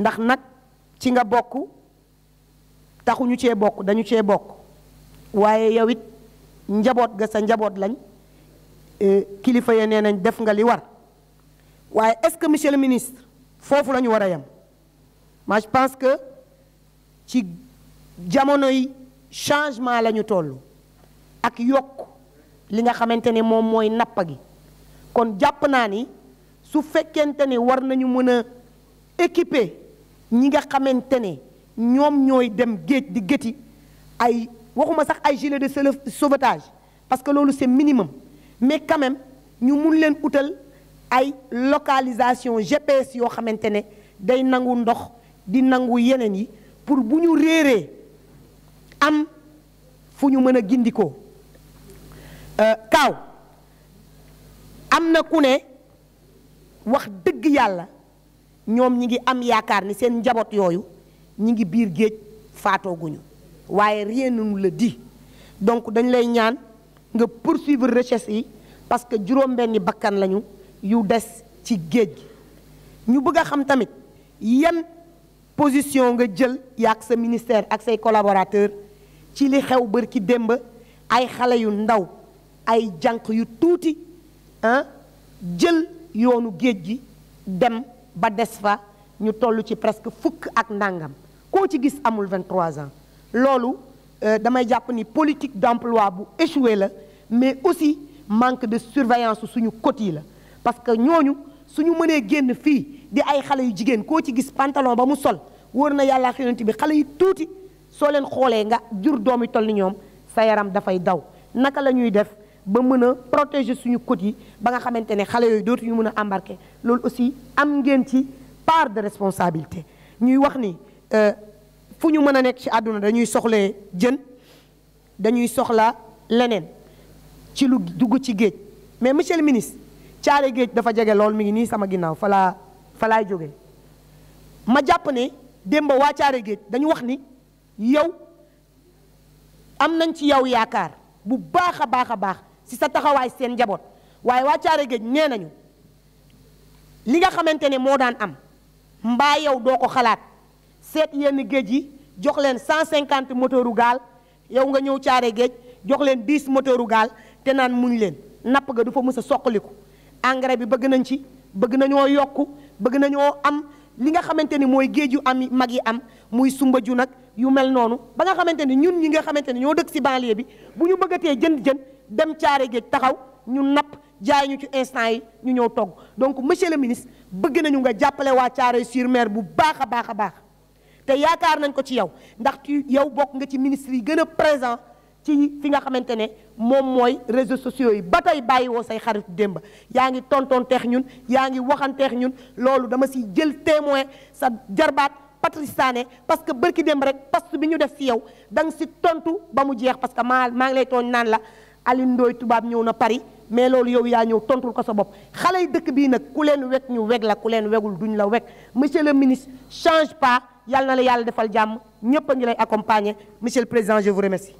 ndax nag ci nga bokk taxuñu cee bokk dañu cee bokk waaye yow it njaboot ga sa njaboot lañ e, kilifa ya nee nañ def nga li war waaye est-ce que monsieur le ministre foofu la ñu war a yem ma je pense que ci yi changement lañu ñu toll ak yokk li nga xamante ne moom mooy nappa gi kon jàpp naa ni su fekkente ne war nañu mën a équiper ñi nga xamante ne ñoom ñooy dem géej di géti ay waxuma sax ay gilet de sauvetage parce que loolu c'est minimum mais quand ñu mun leen utal ay localisation GPS yoo xamante ne day nangu ndox di nangu yeneen yi pour bu ñu réeree am fu ñu mën a gindikoo euh, kaaw am na ku ne wax dëgg yàlla ñoom ñi ngi am yaakaar ni seen njaboot yooyu ñi ngi biir géej faatooguñu waaye rien la di donc dañ lay ñaan nga poursuivre recherche yi parce que juróom-benni bakkan lañu yu des ci géej gi ñu bëgg a xam tamit yan position nga jël ak sa ministère ak say collaborateurs ci li xew bër ki démb ay xale yu ndaw ay jànq yu tuuti ah, jël yoonu géej gi dem ba des fa ñu toll ci presque fukk ak ndàngam koo ci gis amul vingt 23 ans loolu euh, damay jàpp ni politique d'emploi bu échoué la mais aussi manque de surveillance suñu côté yi la parce que ñooñu suñu mënee génn fii di ay xale yu jigéen koo ci gis pantalon ba mu sol wër na yàlla xinanti bi xale yu tuuti soo leen xoolee nga jur doom yi toll ni ñoom sa yaram dafay daw naka la ñuy def ba mën a protéger suñu côte yi ba nga xamante ne xale yooyu dootuñu mën a embarquer loolu aussi am ngeen ci part de responsabilité ñuy wax ni euh, fu ñu mën a nekk ci àdduna dañuy soxlee jën dañuy soxla leneen ci lu dugg ci géej mais monsieur le ministre caare géej dafa jege lool mi ngi nii sama ginnaaw fa laa fa laay jóge ma jàpp ne démb waa caare géej dañu wax ni yow am nañ ci yow yaakaar bu baax a baax a baax ci sa taxawaay seen njaboot waaye waa caare géej nee nañu li nga xamante ne moo daan am mbaa yow doo ko xalaat seet yenn géej yi jox leen cent cinquante motooru gaal yow nga ñëw caare géej jox leen 10 moteuru gaal te naan muñ leen napp ga du fa mës a soqaliku engrais bi bëgg nañ ci bëgg nañoo yokku bëgg nañoo am li nga xamante ni mooy géej yu am mag yi am muy sumba ju nag yu mel noonu ba nga xamante ni ñun ñi nga xamante ni ñoo dëkk si banlieue bi bu ñu bëggatee jënd jën dem caare géej taxaw ñu napp jaay ñu ci instant yi ñu ñëw togg donc monsieur le ministre bëgg nañu nga jàppale waa caare sur bu baax a baax a baax te yaakaar nañ ko ci yow ndax ci yow bokk nga ci ministre yi gën a présent ci fi nga xamante ne moom mooy réseaux sociaux yi ba tey bàyyiwoo say xarit démb yaa ngi tonton teex ñun yaa ngi waxanteex ñun loolu dama si jël témoin sa jarbaat Patrice Sané parce que bërki démb rek post bi ñu def ci yow dang si tontu ba mu jeex parce que maa maa ngi lay tooñ naan la Alioune Ndoye tubaab ñëw na Paris mais loolu yow yaa ñëw tontul ko sa bopp xale yi dëkk bii nag ku leen weg ñu weg la ku leen wegul duñ la weg monsieur le ministre change pas yàlla na la yàlla defal jàmm ñëpp a ngi lay accompagner monsieur le président je vous remercie.